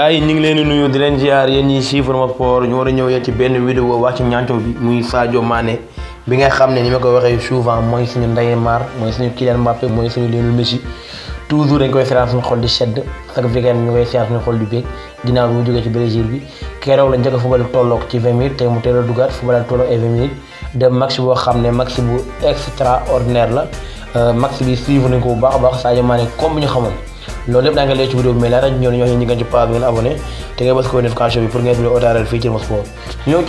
ay ñi ngi leen nuyu di leen ziar yeen ñi chiffre ma sport ñu wara a ñëw yéen ci benn vidéo wàcc ñanto bi muy Sadio Mané bi nga xamné ni ma ko waxé souvent moy suñu ndaye mar moy suñu Kylian Mbappé moy suñu Lionel Messi toujours dañ koy séance ñu xol di sedd chaque weekend ñu koy séance ñu xol di bék ginaaw bi mu jógee ci Brésil bi keroog la njëkk football tolok ci 20 minutes tey mu téra dugat football tolok 20 minutes de max bo xamné max bu extraordinaire la euh, max bi suivre nañ ko bu baax baax Sadio Mané comme ñu xamone loolu lépp daa nga leer ci vidéo bi mais laata ñoo ñoo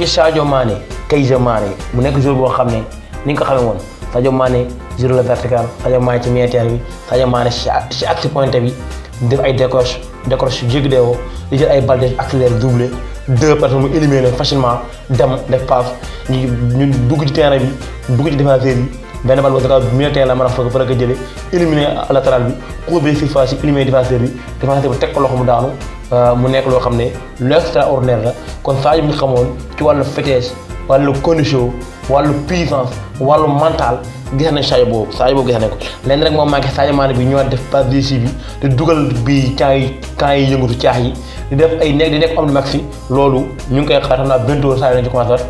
xam mu nekk jour boo xam ne ni ko xamee woon Sadio Mané jour la vertical Sadio Mané ci milieu terrain bi Sadio Mané ci axe bi def ay décoche décoche jéggi deewoo di jël ay balde accéléré doublé deux personnes mu éliminer facilement dem def passe ñu dugg ci terrain bi dugg ci défenseur bi benn bal ba Zakaria bu muy teel a mara foog fa la ko jëlee éliminé latéral bi courbé sur face éliminé défenseur bi défenseur bi teg ko loxo mu daanu euh, mu nekk loo xam ne lu extraordinaire la kon Sadio mi xamoon ci wàllu vitesse wàllu condition wàllu puissance wàllu mental gis nañ Sadio boobu Sadio boobu gis nañ ko lenn rek moom manqué Sadio Mané bi ñëwaat def passe décisive bi di dugal bi camp yi camp yi yëngatu caax yi di def ay nekk di nekk homme de loolu ñu ngi koy xaar xam naa bientôt Sadio nañ ci commencé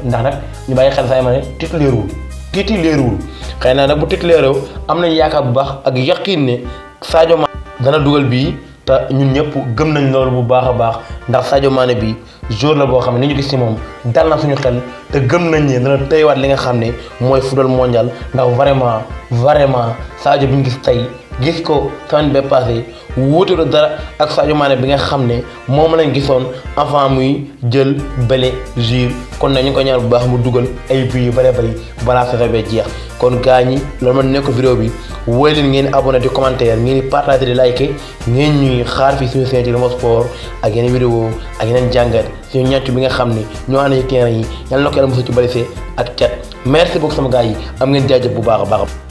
ñu bàyyi xel Sadio Mané titulaire titulairewul xëy naa nag bu titulaire am nañ yaakaar bu baax ak yaqiin ne Sadio Mané dana dugal bii te ñun ñëpp gëm nañ loolu bu baax a baax ndax Sadio Mané bi jour la boo xam ne li ñu gis ci moom dal na suñu xel te gëm nañ ne dana tëywaat li nga xam ne mooy football mondial ndax vraiment vraiment Sadio bi ñu gis tey gis ko semaine bee passé wuutulu dara ak Sadio Mané bi nga xam ne moom lañ gisoon avant muy jël Belgique kon nañu ko ñaar bu baax mu dugal ay buts yu bare bari balaa saison bee jeex kon gaa ñi loolu ma nekk vidéo bi woy leen ngeen abonné di commentaire ngeen di partager di liker ngeen ñuy xaar fi suñu seen ci Rmo Sport ak yeneen vidéo ak yeneen jàngat suñu ñàcc bi nga xam ne ñoo ànd ci terrain yi yàlla na ko yàlla mosu ci bari see ak cat merci yi am ngeen jaajëf bu baax a baax